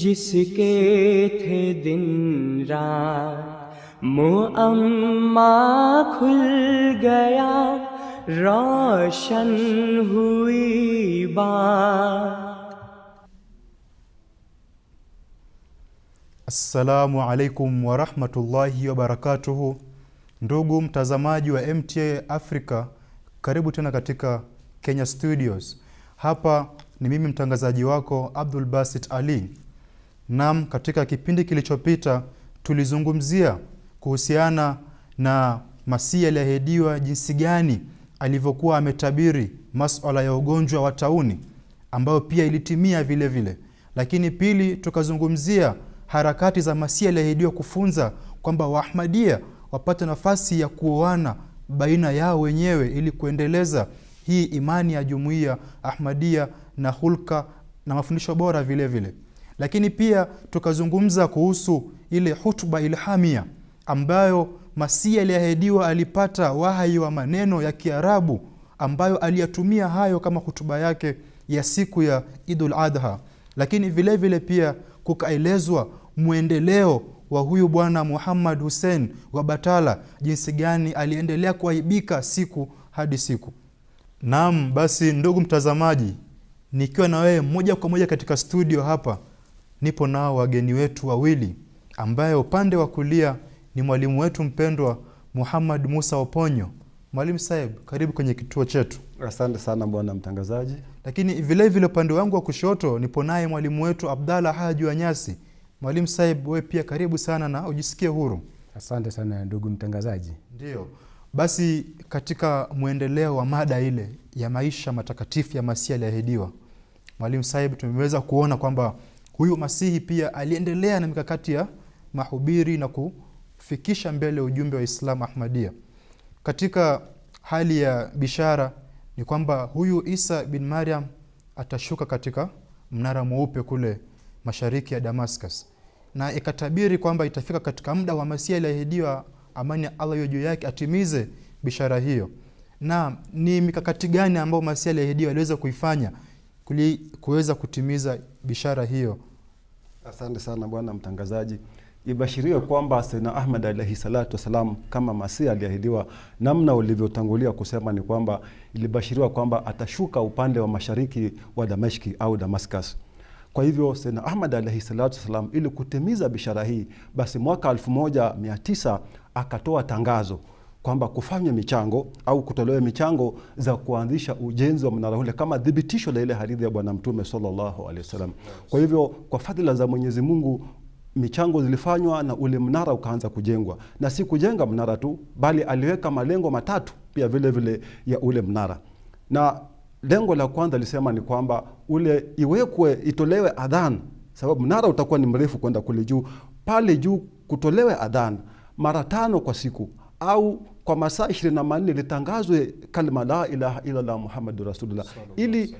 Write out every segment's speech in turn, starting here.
جس کے تھے دن दिन रात کھل گیا روشن ہوئی हुई السلام Assalamu alaikum warahmatullahi وبرکاتہ Ndugu mtazamaji wa MTA Africa, karibu tena katika Kenya Studios. Hapa ni mimi mtangazaji wako Abdul Basit Ali. nam katika kipindi kilichopita tulizungumzia kuhusiana na Masihi aliahidiwa, jinsi gani alivyokuwa ametabiri masala ya ugonjwa wa tauni ambayo pia ilitimia vile vile. Lakini pili, tukazungumzia harakati za Masihi aliahidiwa kufunza kwamba Waahmadia wapate nafasi ya kuoana baina yao wenyewe ili kuendeleza hii imani ya jumuiya Ahmadia na hulka na mafundisho bora vile vile. Lakini pia tukazungumza kuhusu ile hutuba ilhamia ambayo Masihi aliahidiwa alipata wahai wa maneno ya Kiarabu ambayo aliyatumia hayo kama hutuba yake ya siku ya Idul Adha. Lakini vile vile pia kukaelezwa mwendeleo wa huyu bwana Muhammad Hussein wa Batala, jinsi gani aliendelea kuaibika siku hadi siku. Naam, basi ndugu mtazamaji, nikiwa na wewe moja kwa moja katika studio hapa, nipo nao wageni wetu wawili, ambaye upande wa kulia ni mwalimu wetu mpendwa Muhammad Musa Oponyo. Mwalimu Saib, karibu kwenye kituo chetu. Asante sana bwana mtangazaji. Lakini vilevile upande wangu wa kushoto nipo naye mwalimu wetu Abdalla Haji Wanyasi. Mwalimu Saib, wewe pia karibu sana na ujisikie huru. Asante sana ndugu mtangazaji. Ndio. Basi katika mwendeleo wa mada ile ya maisha matakatifu ya Masihi aliahidiwa, Mwalimu saib tumeweza kuona kwamba huyu Masihi pia aliendelea na mikakati ya mahubiri na kufikisha mbele ujumbe wa Islamu Ahmadia. Katika hali ya bishara ni kwamba huyu Isa bin mariam atashuka katika mnara mweupe kule mashariki ya Damascus, na ikatabiri kwamba itafika katika muda wa Masihi aliahidiwa amani ya Allah iwe juu yake atimize bishara hiyo. Na ni mikakati gani ambayo Masihi aliahidiwa aliweza kuifanya kuweza kutimiza bishara hiyo? Asante sana bwana mtangazaji. Ibashiriwe kwamba Sayyidna Ahmad alayhi salatu wassalam kama Masihi aliahidiwa, namna ulivyotangulia kusema ni kwamba ilibashiriwa kwamba atashuka upande wa mashariki wa Damashki au Damascus. Kwa hivyo Sayyidna Ahmad alayhi salatu wassalam, ili kutimiza bishara hii, basi mwaka akatoa tangazo kwamba kufanya michango au kutolewa michango za kuanzisha ujenzi wa mnara ule kama dhibitisho la ile hadithi ya Bwana Mtume sallallahu alaihi wasallam. Kwa hivyo, kwa fadhila za Mwenyezi Mungu michango zilifanywa na ule mnara ukaanza kujengwa, na si kujenga mnara tu, bali aliweka malengo matatu pia vile vile ya ule mnara, na lengo la kwanza lisema ni kwamba ule iwekwe, itolewe adhan, sababu mnara utakuwa ni mrefu kwenda kule juu, pale juu kutolewe adhan mara tano kwa siku au kwa masaa ishirini na manne litangazwe kalima la ilaha illallah muhammadu rasulullah ili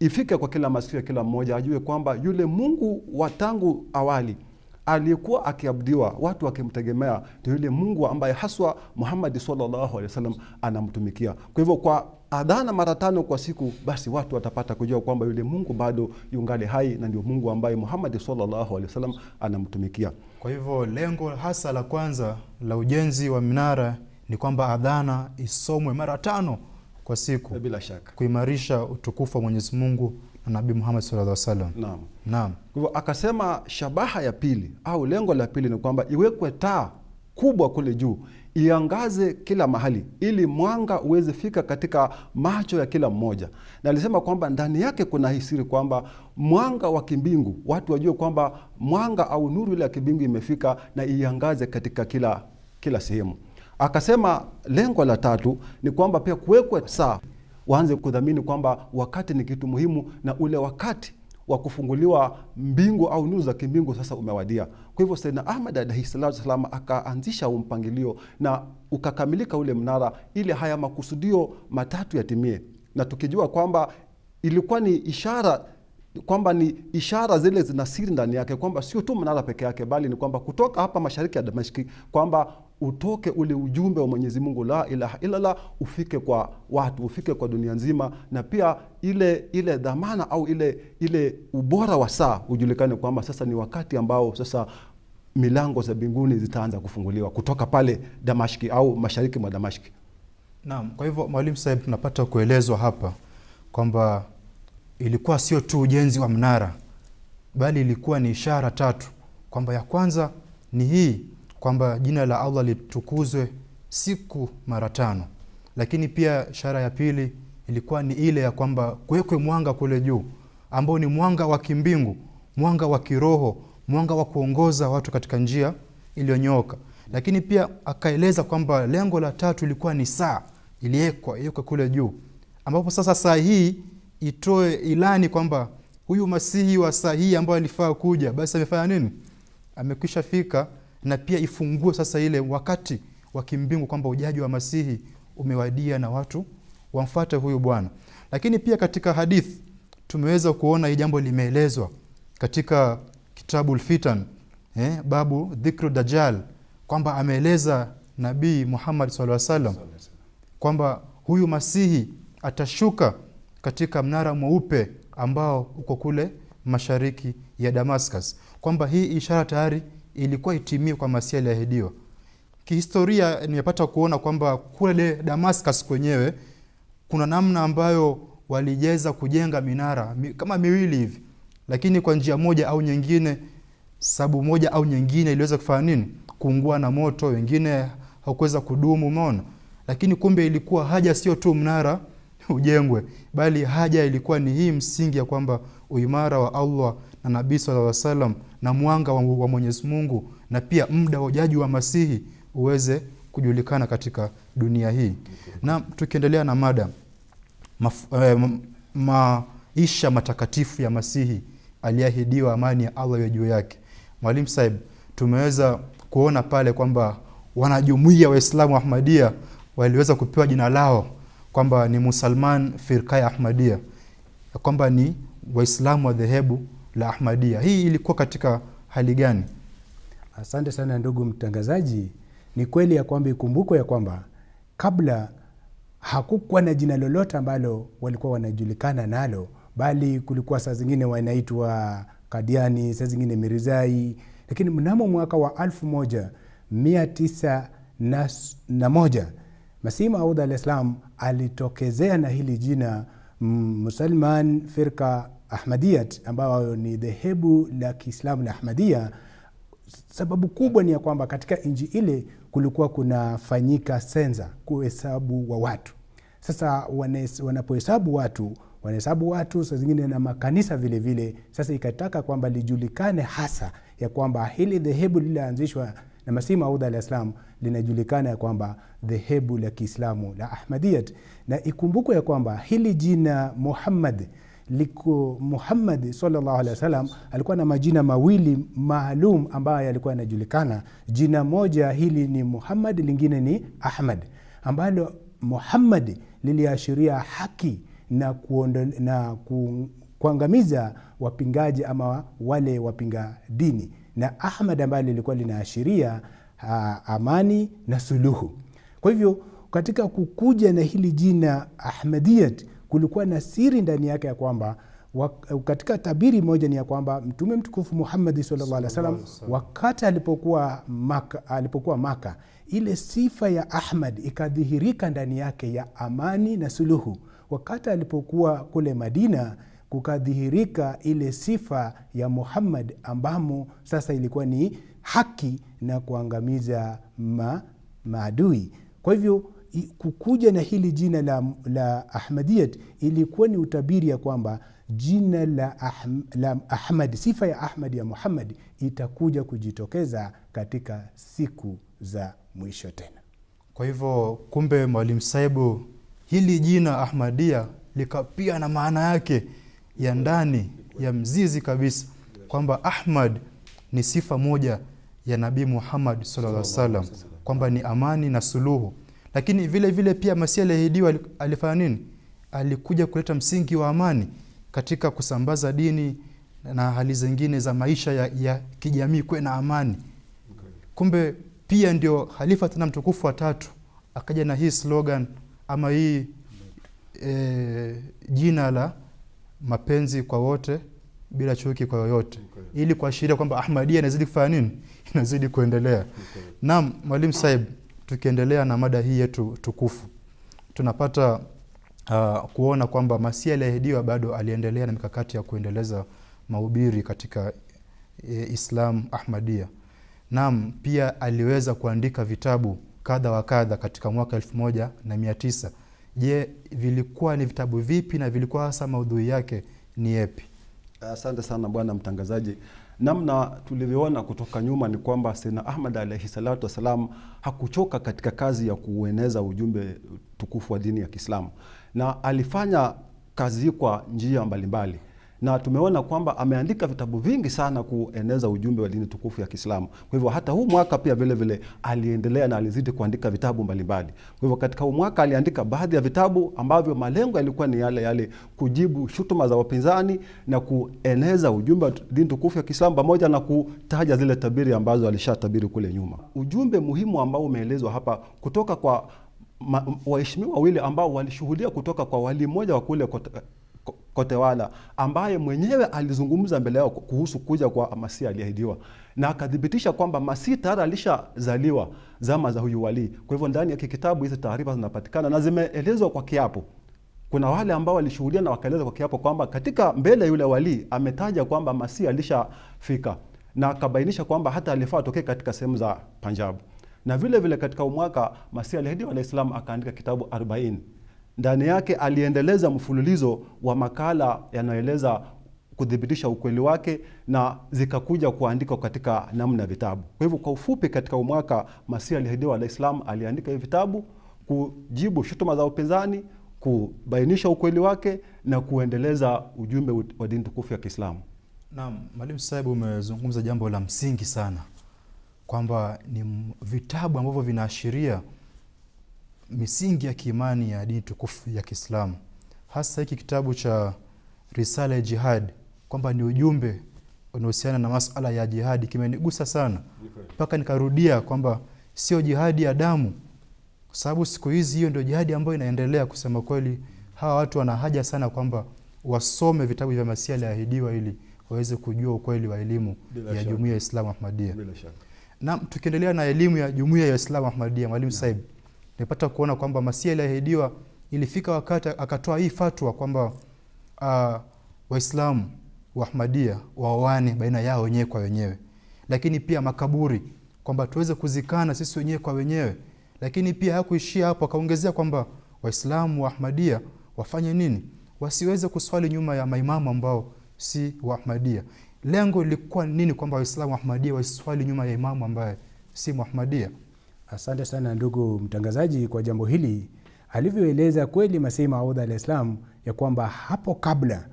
ifike kwa kila masikio ya kila mmoja ajue kwamba yule Mungu wa tangu awali aliyekuwa akiabudiwa watu wakimtegemea ndio yule Mungu ambaye haswa muhamadi sallallahu wasallam anamtumikia. Kwa hivyo kwa adhana mara tano kwa siku, basi watu watapata kujua kwamba yule Mungu bado yungali hai na ndio Mungu ambaye muhamadi sallallahu wasallam anamtumikia. Kwa hivyo lengo hasa la kwanza la ujenzi wa minara ni kwamba adhana isomwe mara tano kwa siku, eh, bila shaka kuimarisha utukufu wa Mwenyezi Mungu na Nabii Muhammad sallallahu alaihi wasallam. Naam, naam. Kwa hivyo akasema shabaha ya pili au lengo la pili ni kwamba iwekwe taa kubwa kule juu iangaze kila mahali ili mwanga uweze fika katika macho ya kila mmoja. Na alisema kwamba ndani yake kuna hisiri kwamba mwanga wa kimbingu, watu wajue kwamba mwanga au nuru ile ya kimbingu imefika na iangaze katika kila, kila sehemu. Akasema lengo la tatu ni kwamba pia kuwekwe saa, waanze kudhamini kwamba wakati ni kitu muhimu na ule wakati wa kufunguliwa mbingu au nuru za kimbingu sasa umewadia. Kwa hivyo Saidna Ahmad alaihi salatu wasallam akaanzisha mpangilio na ukakamilika ule mnara ili haya makusudio matatu yatimie, na tukijua kwamba ilikuwa ni ishara kwamba ni ishara zile zina siri ndani yake, kwamba sio tu mnara peke yake, bali ni kwamba kutoka hapa mashariki ya damaski kwamba utoke ule ujumbe wa Mwenyezi Mungu la ilaha illallah, ufike kwa watu, ufike kwa dunia nzima, na pia ile ile dhamana au ile ile ubora wa saa ujulikane kwamba sasa ni wakati ambao sasa milango za mbinguni zitaanza kufunguliwa kutoka pale Damaski au mashariki mwa damaski Naam, kwa hivyo mwalimu Saib, tunapata kuelezwa hapa kwamba ilikuwa sio tu ujenzi wa mnara, bali ilikuwa ni ishara tatu, kwamba ya kwanza ni hii kwamba jina la Allah litukuzwe siku mara tano, lakini pia ishara ya pili ilikuwa ni ile ya kwamba kuwekwe mwanga kule juu ambao ni mwanga wa kimbingu, mwanga wa kiroho, mwanga wa kuongoza watu katika njia iliyonyooka. Lakini pia akaeleza kwamba lengo la tatu ilikuwa ni saa iliyekwa iwekwe kule juu, ambapo sasa saa hii itoe ilani kwamba huyu masihi wa saa hii ambayo alifaa kuja basi amefanya nini amekwisha fika na pia ifungue sasa ile wakati wa kimbingu kwamba ujaji wa masihi umewadia na watu wamfate huyu bwana lakini pia katika hadithi tumeweza kuona hii jambo limeelezwa katika kitabu lfitan eh, babu dhikru dajal kwamba ameeleza nabii muhammad saa salam kwamba huyu masihi atashuka katika mnara mweupe ambao uko kule mashariki ya Damascus, kwamba hii ishara tayari ilikuwa itimie kwa masia aliahidiwa. Kihistoria nimepata kuona kwamba kule Damascus kwenyewe kuna namna ambayo walijeza kujenga minara kama miwili hivi, lakini kwa njia moja au nyingine, sababu moja au nyingine, iliweza kufanya nini, kuungua na moto, wengine hakuweza kudumu, umeona. Lakini kumbe ilikuwa haja sio tu mnara ujengwe, bali haja ilikuwa ni hii msingi ya kwamba uimara wa Allah na Nabii sallallahu wasallam na mwanga wa Mwenyezi Mungu na pia muda wa ujaji wa Masihi uweze kujulikana katika dunia hii. Okay. Na tukiendelea na mada Maf, eh, maisha matakatifu ya Masihi aliyeahidiwa amani ya Allah ya juu yake. Mwalimu Saib, tumeweza kuona pale kwamba wanajumuiya Waislamu Ahmadia waliweza kupewa jina lao kwamba ni Musalman firka ya Ahmadia, kwamba ni Waislamu wa dhehebu la Ahmadia. Hii ilikuwa katika hali gani? Asante sana ndugu mtangazaji. Ni kweli ya kwamba ikumbukwe ya kwamba kabla hakukuwa na jina lolote ambalo walikuwa wanajulikana nalo, bali kulikuwa saa zingine wanaitwa Kadiani, saa zingine Mirizai, lakini mnamo mwaka wa 1 moja mia na Masih Maud alaihis salam alitokezea na hili jina Musalman Firka Ahmadiyat, ambayo ni dhehebu la Kiislamu la Ahmadia. Sababu kubwa ni ya kwamba katika nchi ile kulikuwa kunafanyika sensa, kuhesabu wa watu. Sasa wanapohesabu watu wanahesabu watu saa zingine na makanisa vilevile vile. Sasa ikataka kwamba lijulikane hasa ya kwamba hili dhehebu lilianzishwa na Masihi Maud alaihis linajulikana ya kwamba dhehebu la Kiislamu la Ahmadiyat, na ikumbukwe ya kwamba hili jina Muhammad liko Muhammad sallallahu alaihi wasallam alikuwa na majina mawili maalum ambayo yalikuwa yanajulikana. Jina moja hili ni Muhammad, lingine ni Ahmad, ambalo Muhammad liliashiria haki na, kuondo, na ku, kuangamiza wapingaji ama wale wapinga dini na Ahmad ambayo lilikuwa linaashiria ah, amani na suluhu. Kwa hivyo katika kukuja na hili jina Ahmadiyat kulikuwa na siri ndani yake ya kwamba katika tabiri moja ni ya kwamba Mtume mtukufu Muhammad sallallahu wakati alipokuwa Maka, alipokuwa Maka, ile sifa ya Ahmad ikadhihirika ndani yake ya amani na suluhu. Wakati alipokuwa kule Madina kukadhihirika ile sifa ya Muhammad ambamo sasa ilikuwa ni haki na kuangamiza ma, maadui. Kwa hivyo kukuja na hili jina la, la Ahmadiyat ilikuwa ni utabiri ya kwamba jina la, ahm, la Ahmad, sifa ya Ahmad ya Muhammad itakuja kujitokeza katika siku za mwisho tena. Kwa hivyo kumbe, mwalimu Saibu, hili jina Ahmadia likapia na maana yake ya ndani ya mzizi kabisa kwamba Ahmad ni sifa moja ya Nabii Muhammad sallallahu alaihi wasallam kwamba ni amani na suluhu. Lakini vile vile pia Masihi aliyeahidiwa alifanya nini? Alikuja kuleta msingi wa amani katika kusambaza dini na hali zingine za maisha ya, ya kijamii kuwe na amani. Kumbe pia ndio Khalifa tena mtukufu wa tatu akaja na hii slogan ama hii e, jina la mapenzi kwa wote bila chuki kwa yoyote okay. ili kuashiria kwamba ahmadia inazidi kufanya nini, inazidi kuendelea okay. Naam, mwalimu Saib, tukiendelea na mada hii yetu tukufu tunapata uh, kuona kwamba Masihi aliahidiwa bado aliendelea na mikakati ya kuendeleza mahubiri katika e, Islam ahmadia Naam, pia aliweza kuandika vitabu kadha wa kadha katika mwaka elfu moja na mia tisa je, vilikuwa ni vitabu vipi na vilikuwa hasa maudhui yake ni yepi? Asante sana bwana mtangazaji. Namna tulivyoona kutoka nyuma ni kwamba sena Ahmad alaihi salatu wassalam hakuchoka katika kazi ya kueneza ujumbe tukufu wa dini ya Kiislamu, na alifanya kazi kwa njia mbalimbali mbali na tumeona kwamba ameandika vitabu vingi sana kueneza ujumbe wa dini tukufu ya Kiislamu. Kwa hivyo hata huu mwaka pia vile vile aliendelea na alizidi kuandika vitabu mbalimbali. Kwa hivyo katika huu mwaka aliandika baadhi ya vitabu ambavyo malengo yalikuwa ni yale yale, kujibu shutuma za wapinzani na kueneza ujumbe wa dini tukufu ya Kiislamu pamoja na kutaja zile tabiri ambazo alishatabiri kule nyuma. Ujumbe muhimu ambao umeelezwa hapa kutoka kwa waheshimiwa wawili ambao walishuhudia kutoka kwa wali mmoja wa kule Kotewala ambaye mwenyewe alizungumza mbele yao kuhusu kuja kwa Masihi aliahidiwa na akathibitisha kwamba Masihi tayari alishazaliwa zama za huyu walii. Kwa hivyo ndani ya kitabu hizi taarifa zinapatikana na zimeelezwa kwa kiapo. Kuna wale ambao walishuhudia na wakaeleza kwa kiapo kwamba katika mbele yule walii ametaja kwamba Masihi alishafika na akabainisha kwamba hata alifaa atokee katika sehemu za Panjabu. Na vile vile katika umwaka Masihi aliahidiwa, Waislamu akaandika kitabu ndani yake aliendeleza mfululizo wa makala yanayoeleza kuthibitisha ukweli wake na zikakuja kuandikwa katika namna vitabu. Kwa hivyo kwa ufupi, katika umwaka Masih aliyeahidiwa islam aliandika hivi vitabu kujibu shutuma za upinzani, kubainisha ukweli wake na kuendeleza ujumbe wa dini tukufu ya Kiislamu. Naam, Mwalimu Sahibu, umezungumza jambo la msingi sana kwamba ni vitabu ambavyo vinaashiria misingi ya kiimani ya dini tukufu ya Kiislamu, hasa hiki kitabu cha Risala ya Jihad, kwamba ni ujumbe unaohusiana na masala ya jihadi kimenigusa sana, mpaka nikarudia kwamba sio jihadi ya damu, kwa sababu siku hizi hiyo ndio jihadi ambayo inaendelea. Kusema kweli, hawa watu wana haja sana kwamba wasome vitabu vya Masihi aliyeahidiwa ili waweze kujua ukweli wa elimu ya jumuiya ya Islamu ahmadia na tukiendelea na elimu ya jumuiya ya Islamu ahmadia Mwalimu saibu Nilipata kuona kwamba Masihi aliahidiwa, ilifika wakati akatoa hii fatwa kwamba uh, Waislamu wahmadia waoane baina yao wenyewe kwa wenyewe, lakini pia makaburi kwamba tuweze kuzikana sisi wenyewe kwa wenyewe. Lakini pia hakuishia hapo, akaongezea kwamba Waislamu wahmadia wafanye nini? Wasiweze kuswali nyuma ya maimamu ambao si wahmadia Lengo lilikuwa nini? Kwamba Waislamu wahmadia wasiswali nyuma ya imamu ambaye si mahmadia Asante sana ndugu mtangazaji kwa jambo hili. Alivyoeleza kweli Masihi Maud alaihis salam ya kwamba hapo kabla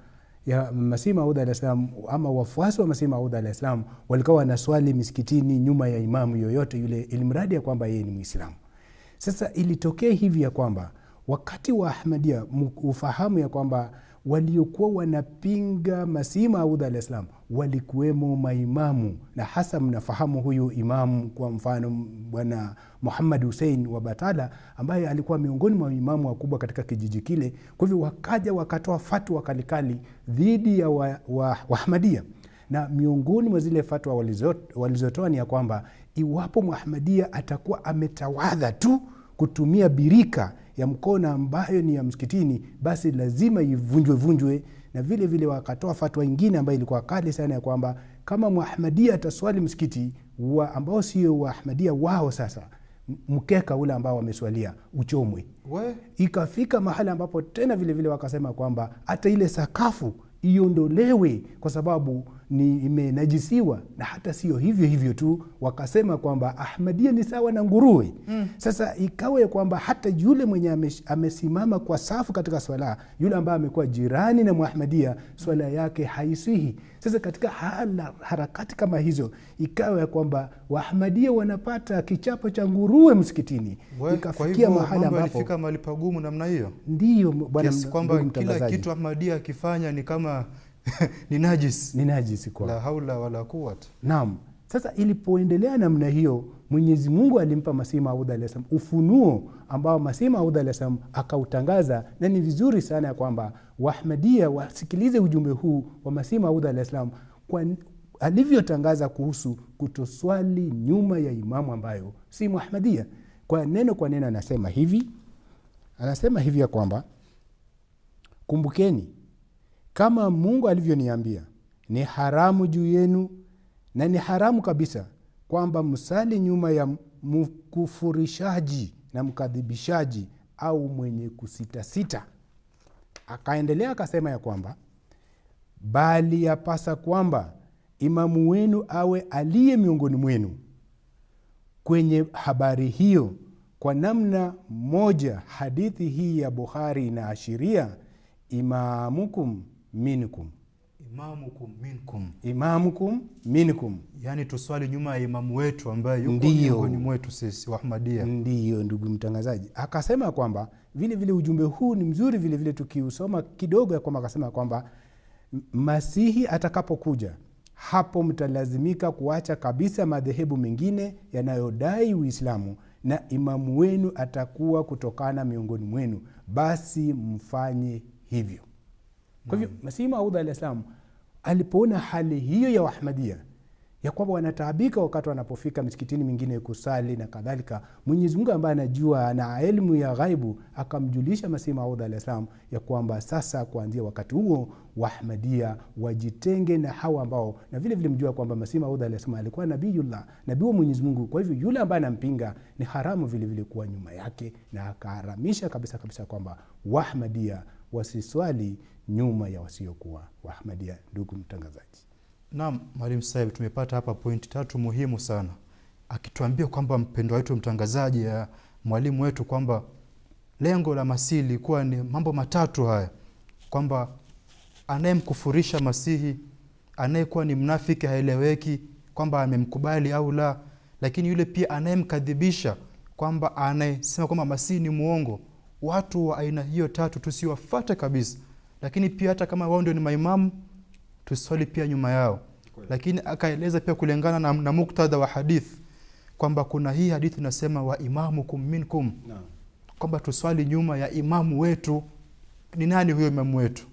ya Masihi Maud alaihis salam ama wafuasi wa Masihi Maud alaihis salam walikuwa wanaswali misikitini nyuma ya imamu yoyote yule, ilimradi ya kwamba yeye ni Mwislamu. Sasa ilitokea hivi ya kwamba wakati wa Ahmadia ufahamu ya kwamba waliokuwa wanapinga Masihi Maud alah salam walikuwemo maimamu, na hasa mnafahamu huyu imamu, kwa mfano Bwana Muhammad husein wa Batala ambaye alikuwa miongoni mwa imamu wakubwa katika kijiji kile. Kwa hivyo wakaja wakatoa fatwa kalikali dhidi ya wa, wa, wa na miongoni mwa zile fatwa walizotoa ni ya kwamba iwapo Muahmadia atakuwa ametawadha tu kutumia birika ya Mkona ambayo ni ya msikitini, basi lazima ivunjwe vunjwe. Na vile vile wakatoa fatwa nyingine ambayo ilikuwa kali sana ya kwamba kama Muahmadia ataswali msikiti wa ambao sio Waahmadia wao sasa mkeka ule ambao wameswalia uchomwe. Ikafika mahali ambapo tena vile vile wakasema kwamba hata ile sakafu iondolewe kwa sababu ni imenajisiwa na hata sio hivyo hivyo tu, wakasema kwamba Ahmadia ni sawa na nguruwe mm. Sasa ya kwamba hata yule mwenye amesimama kwa safu katika swala, yule ambaye amekuwa jirani na Muahmadia swala yake haisihi. Sasa katika hala, harakati kama hizo ikawa kwamba Waahmadia wanapata kichapo cha nguruwe msikitini, ikafikia mahali ambapo ifika mahali pagumu namna hiyo, ndio bwana, kwamba kila kitu Ahmadia akifanya ni kama ni najis, ni najis kwa la haula wala quwwata. Naam. Sasa ilipoendelea namna hiyo, Mwenyezi Mungu alimpa Masihi Maud alayhi ufunuo ambao Masihi Maud alayhi akautangaza, na ni vizuri sana ya kwamba Waahmadia wasikilize ujumbe huu wa Masihi Maud alayhi kwa alivyotangaza kuhusu kutoswali nyuma ya imamu ambayo si Muahmadia. Kwa neno kwa neno anasema hivi, anasema hivi ya kwamba kumbukeni kama Mungu alivyoniambia, ni haramu juu yenu na ni haramu kabisa kwamba msali nyuma ya mkufurishaji na mkadhibishaji au mwenye kusitasita. Akaendelea akasema ya kwamba bali yapasa kwamba imamu wenu awe aliye miongoni mwenu kwenye habari hiyo. Kwa namna moja, hadithi hii ya Bukhari inaashiria imamukum minkum Imamukum minkum, imamukum minkum, yani tuswali nyuma ya imamu wetu ambaye yuko miongoni mwetu sisi Waahmadia. Ndiyo ndugu mtangazaji, akasema kwamba vile vile ujumbe huu ni mzuri vile vile tukiusoma kidogo, ya kwamba akasema kwamba Masihi atakapokuja hapo mtalazimika kuacha kabisa madhehebu mengine yanayodai Uislamu na imamu wenu atakuwa kutokana miongoni mwenu, basi mfanye hivyo. Kwa hivyo Masihi Maud alaihis salam alipoona hali hiyo ya Waahmadia ya kwamba wanataabika wakati wanapofika misikitini mingine kusali na kadhalika, Mwenyezi Mungu ambaye anajua na elimu ya ghaibu akamjulisha Masihi Maud alaihis salam ya kwamba sasa kuanzia wakati huo Waahmadia wajitenge na hawa ambao, na vile vile mjua kwamba Masihi Maud alaihis salam alikuwa nabiyullah, nabii wa Mwenyezi Mungu. Kwa hivyo yule ambaye anampinga ni haramu vile vile kuwa nyuma yake, na akaharamisha kabisa kabisa kwamba Waahmadia wasiswali nyuma ya wasiokuwa Waahmadia. Ndugu mtangazaji. Naam, Mwalimu Saib, tumepata hapa pointi tatu muhimu sana, akituambia kwamba mpendwa wetu mtangazaji ya mwalimu wetu kwamba lengo la Masihi lilikuwa ni mambo matatu haya, kwamba anayemkufurisha Masihi, anayekuwa ni mnafiki haeleweki kwamba amemkubali au la, lakini yule pia anayemkadhibisha kwamba anayesema kwamba Masihi ni muongo. Watu wa aina hiyo tatu tusiwafuate kabisa lakini pia hata kama wao ndio ni maimamu tuswali pia nyuma yao lakini akaeleza pia kulingana na, na muktadha wa hadith kwamba kuna hii hadithi inasema wa minkum kwamba tuswali nyuma ya imamu wetu ni nani huyo imamu wetu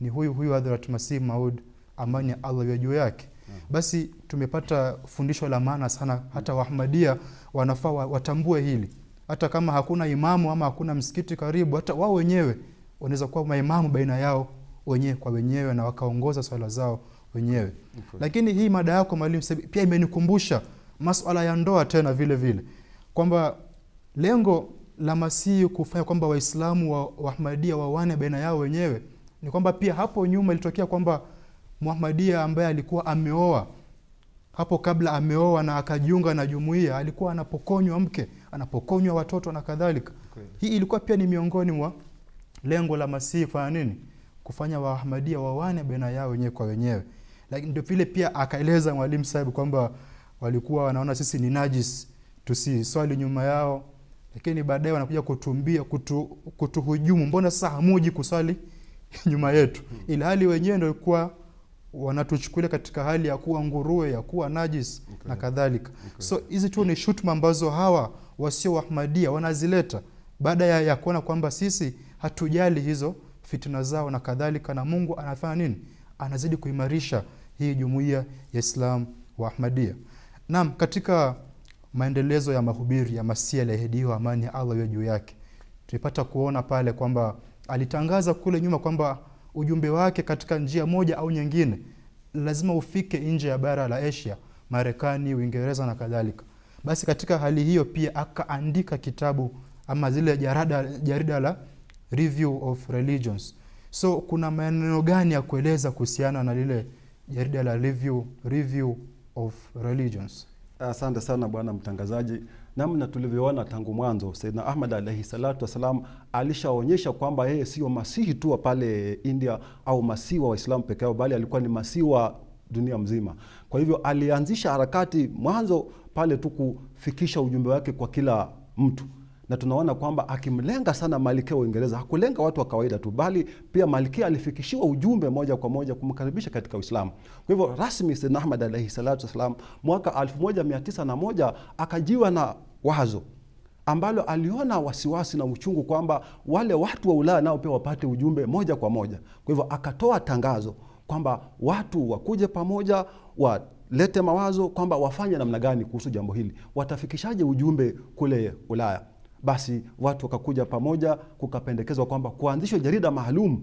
ni huyu huyu hadhrat masih maud amani ya allah ya juu yake basi tumepata fundisho la maana sana hata wahmadia wanafaa watambue hili hata kama hakuna imamu ama hakuna msikiti karibu hata wao wenyewe wanaweza kuwa maimamu baina yao wenyewe kwa wenyewe na wakaongoza swala zao wenyewe okay. Lakini hii mada yako mwalimu pia imenikumbusha masuala ya ndoa tena vile vile kwamba lengo la Masihi kufanya kwamba Waislamu wa, wa wawane baina yao wenyewe ni kwamba pia hapo nyuma ilitokea kwamba Muhamadia ambaye alikuwa ameoa hapo kabla ameoa na akajiunga na jumuia alikuwa anapokonywa mke, anapokonywa watoto na kadhalika. okay. Hii ilikuwa pia ni miongoni mwa lengo la Masihi fanya nini? Kufanya Waahmadia wawane baina yao wenyewe kwa wenyewe. Lakini ndio vile pia akaeleza Mwalimu sahib kwamba walikuwa wanaona sisi ni najis, tusiswali nyuma yao, lakini baadaye wanakuja kutumbia kutu, kutuhujumu, mbona sasa hamuji kuswali nyuma yetu, hmm. ili hali wenyewe ndio walikuwa wanatuchukulia katika hali ya kuwa nguruwe, ya kuwa najis okay. na kadhalika okay. So hizi tu ni shutuma ambazo hawa wasio wahmadia wanazileta baada ya, ya kuona kwamba sisi hatujali hizo fitina zao na kadhalika, na Mungu anafanya nini? Anazidi kuimarisha hii jumuiya ya Islam wa ahmadia Naam, katika maendelezo ya mahubiri ya Masihi aliyeahidiwa amani ya Allah iwe juu yake, tulipata kuona pale kwamba alitangaza kule nyuma kwamba ujumbe wake katika njia moja au nyingine lazima ufike nje ya bara la Asia, Marekani, Uingereza na kadhalika. Basi katika hali hiyo pia akaandika kitabu ama zile jarada, jarida la Review of Religions. So kuna maneno gani ya kueleza kuhusiana na lile jarida la review, Review of Religions? Asante sana bwana mtangazaji. Namna tulivyoona tangu mwanzo, Saidna Ahmad alaihi salatu wassalam alishaonyesha kwamba yeye sio masihi tu wa pale India au masihi wa Waislamu peke yao, bali alikuwa ni masihi wa dunia mzima. Kwa hivyo alianzisha harakati mwanzo pale tu kufikisha ujumbe wake kwa kila mtu na tunaona kwamba akimlenga sana malkia wa Uingereza hakulenga watu wa kawaida tu, bali pia malkia alifikishiwa ujumbe moja kwa moja kumkaribisha katika Uislamu. Kwa hivyo rasmi Sayyidna Ahmad alayhi salatu wassalam mwaka 1901 akajiwa na wazo ambalo aliona wasiwasi na uchungu kwamba wale watu wa Ulaya nao pia wapate ujumbe moja kwa moja. Kwa hivyo akatoa tangazo kwamba watu wakuje pamoja wa lete mawazo kwamba wafanye namna gani kuhusu jambo hili, watafikishaje ujumbe kule Ulaya. Basi watu wakakuja pamoja, kukapendekezwa kwamba kuanzishwa jarida maalum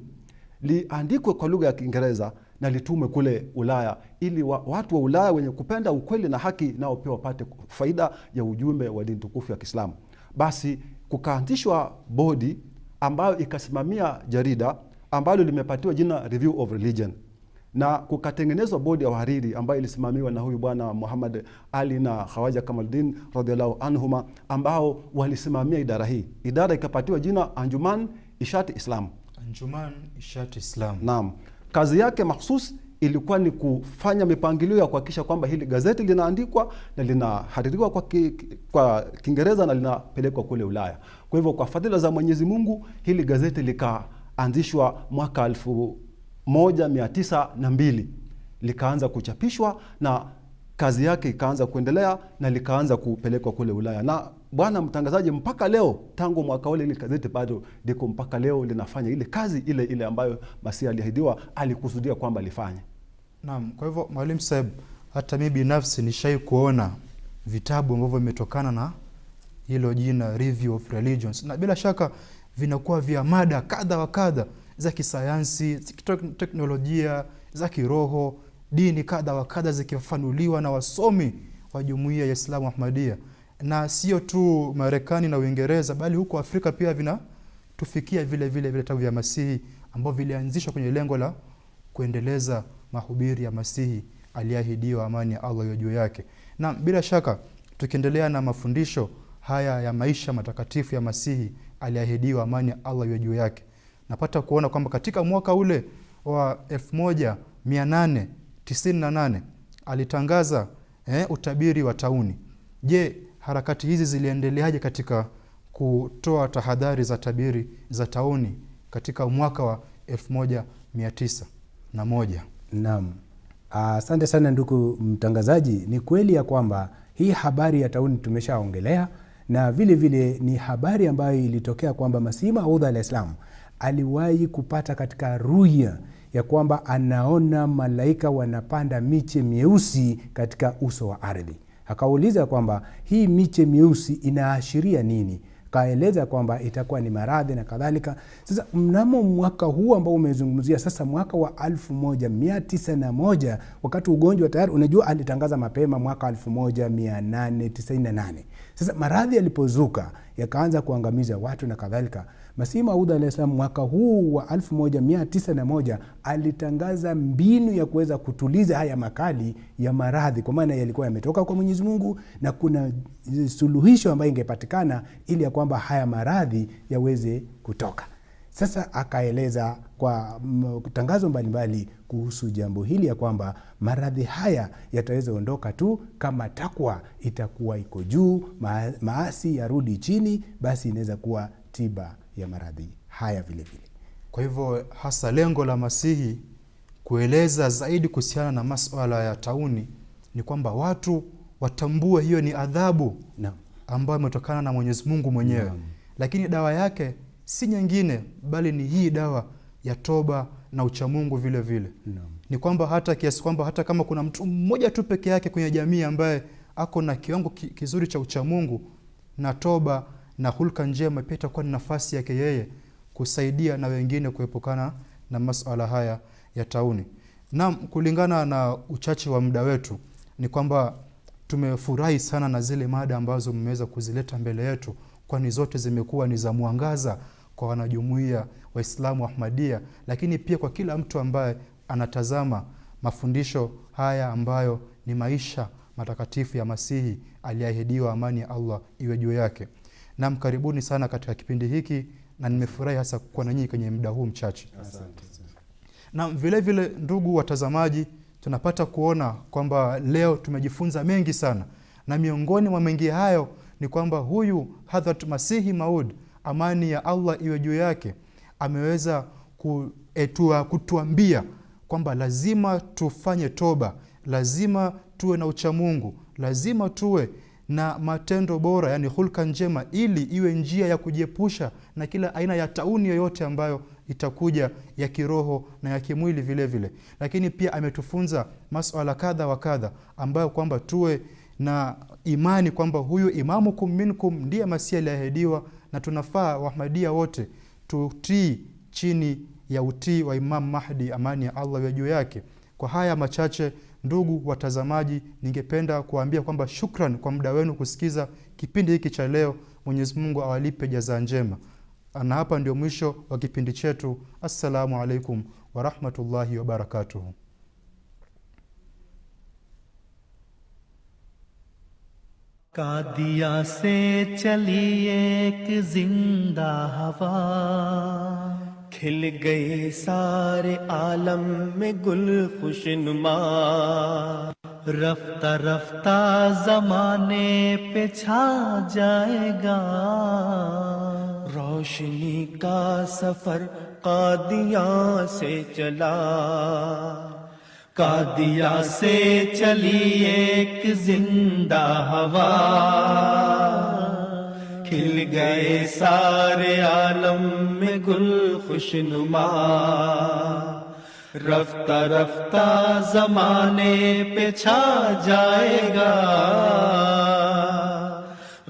liandikwe kwa lugha ya Kiingereza na litumwe kule Ulaya ili wa, watu wa Ulaya wenye kupenda ukweli na haki nao pia wapate faida ya ujumbe wa dini tukufu ya Kiislamu. Basi kukaanzishwa bodi ambayo ikasimamia jarida ambalo limepatiwa jina Review of Religion na kukatengenezwa bodi ya wahariri ambayo ilisimamiwa na huyu bwana Muhammad Ali na Khawaja Kamaldin radhiallahu anhuma, ambao walisimamia idara hii. Idara ikapatiwa jina Anjuman Ishati Islam. Anjuman Ishati Islam, naam. Kazi yake mahsus ilikuwa ni kufanya mipangilio ya kuhakikisha kwamba hili gazeti linaandikwa na linahaririwa kwa, ki, kwa Kiingereza na linapelekwa kule Ulaya. Kwa hivyo kwa fadhila za Mwenyezi Mungu hili gazeti likaanzishwa mwaka elfu 1902 likaanza kuchapishwa na kazi yake ikaanza kuendelea na likaanza kupelekwa kule Ulaya. Na bwana mtangazaji, mpaka leo, tangu mwaka ule, ile gazeti bado liko mpaka leo linafanya ile kazi ile ile ambayo Masia aliahidiwa, alikusudia kwamba alifanye. Naam, kwa hivyo mwalimu Saib, hata mimi binafsi nishai kuona vitabu ambavyo vimetokana na hilo jina Review of Religions, na bila shaka vinakuwa vya mada kadha wa kadha za kisayansi, teknolojia, za kiroho, dini kadha wa kadha zikifanuliwa na wasomi wa jumuiya ya Islamu ahmadia na sio tu Marekani na Uingereza, bali huko Afrika pia vinatufikia vile vile vitabu vya Masihi ambao vilianzishwa kwenye lengo la kuendeleza mahubiri ya Masihi aliyeahidiwa, amani ya Allah iwe juu yake. Na bila shaka tukiendelea na mafundisho haya ya maisha matakatifu ya Masihi aliyeahidiwa, amani ya Allah iwe juu yake, napata kuona kwamba katika mwaka ule wa 1898 alitangaza eh, utabiri wa tauni. Je, harakati hizi ziliendeleaje katika kutoa tahadhari za tabiri za tauni katika mwaka wa 1901? Naam. Asante uh, sana ndugu mtangazaji. Ni kweli ya kwamba hii habari ya tauni tumeshaongelea na vile vile ni habari ambayo ilitokea kwamba Masihi Maudha alaihis salaam aliwahi kupata katika ruya ya kwamba anaona malaika wanapanda miche mieusi katika uso wa ardhi. Akauliza kwamba hii miche mieusi inaashiria nini? Kaeleza kwamba itakuwa ni maradhi na kadhalika. Sasa mnamo mwaka huu ambao umezungumzia sasa, mwaka wa 1901 wakati ugonjwa tayari, unajua alitangaza mapema mwaka 1898. Sasa maradhi yalipozuka yakaanza kuangamiza watu na kadhalika, Masihi Maud alaihis salaam mwaka huu wa 1901 alitangaza mbinu ya kuweza kutuliza haya makali ya maradhi, kwa maana yalikuwa yametoka kwa Mwenyezi Mungu na kuna suluhisho ambayo ingepatikana ili ya kwamba haya maradhi yaweze kutoka. Sasa akaeleza kwa tangazo mbalimbali kuhusu jambo hili ya kwamba maradhi haya yataweza ondoka tu kama takwa itakuwa iko juu, maasi yarudi chini, basi inaweza kuwa tiba ya maradhi haya vile vile. Kwa hivyo hasa lengo la Masihi kueleza zaidi kuhusiana na masuala ya tauni ni kwamba watu watambue hiyo ni adhabu no. ambayo imetokana na Mwenyezi Mungu mwenyewe no. Lakini dawa yake si nyingine bali ni hii dawa ya toba na uchamungu vile vile no. Ni kwamba hata kiasi kwamba hata kama kuna mtu mmoja tu peke yake kwenye jamii ambaye ako na kiwango kizuri cha uchamungu na toba na hulka njema pia itakuwa ni nafasi yake yeye kusaidia na wengine kuepukana na masuala haya ya tauni. na kulingana na uchache wa muda wetu ni kwamba tumefurahi sana na zile mada ambazo mmeweza kuzileta mbele yetu, kwani zote zimekuwa ni za mwangaza kwa wanajumuia Waislamu Ahmadia, lakini pia kwa kila mtu ambaye anatazama mafundisho haya ambayo ni maisha matakatifu ya Masihi aliyeahidiwa, amani ya Allah iwe juu yake na karibuni sana katika kipindi hiki na nimefurahi hasa kuwa na nyinyi kwenye muda huu mchache. Na vile vile, ndugu watazamaji, tunapata kuona kwamba leo tumejifunza mengi sana, na miongoni mwa mengi hayo ni kwamba huyu Hadhrat Masihi Maud, amani ya Allah iwe juu yake, ameweza kutua, kutuambia kwamba lazima tufanye toba, lazima tuwe na uchamungu, lazima tuwe na matendo bora, yani hulka njema, ili iwe njia ya kujiepusha na kila aina ya tauni yoyote ambayo itakuja ya kiroho na ya kimwili vile vile. Lakini pia ametufunza masuala kadha wa kadha ambayo kwamba tuwe na imani kwamba huyu imamukum minkum ndiye Masihi aliyeahidiwa, na tunafaa wahmadia wote tutii chini ya utii wa Imam Mahdi, amani ya Allah iwe juu yake. Kwa haya machache Ndugu watazamaji, ningependa kuwaambia kwamba shukran kwa muda wenu kusikiza kipindi hiki cha leo. Mwenyezi Mungu awalipe jazaa njema, na hapa ndio mwisho wa kipindi chetu. Assalamu alaikum warahmatullahi wabarakatuhu. Qadian کھل گئے سارے عالم میں گل خوش نما رفتہ رفتہ زمانے پہ چھا جائے گا روشنی کا سفر قادیاں سے چلا قادیا سے چلی ایک زندہ ہوا کھل گئے سارے عالم میں گل خوش نما رفتہ رفتہ زمانے پہ چھا جائے گا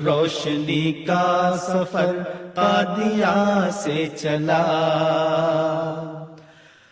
روشنی کا سفر قادیاں سے چلا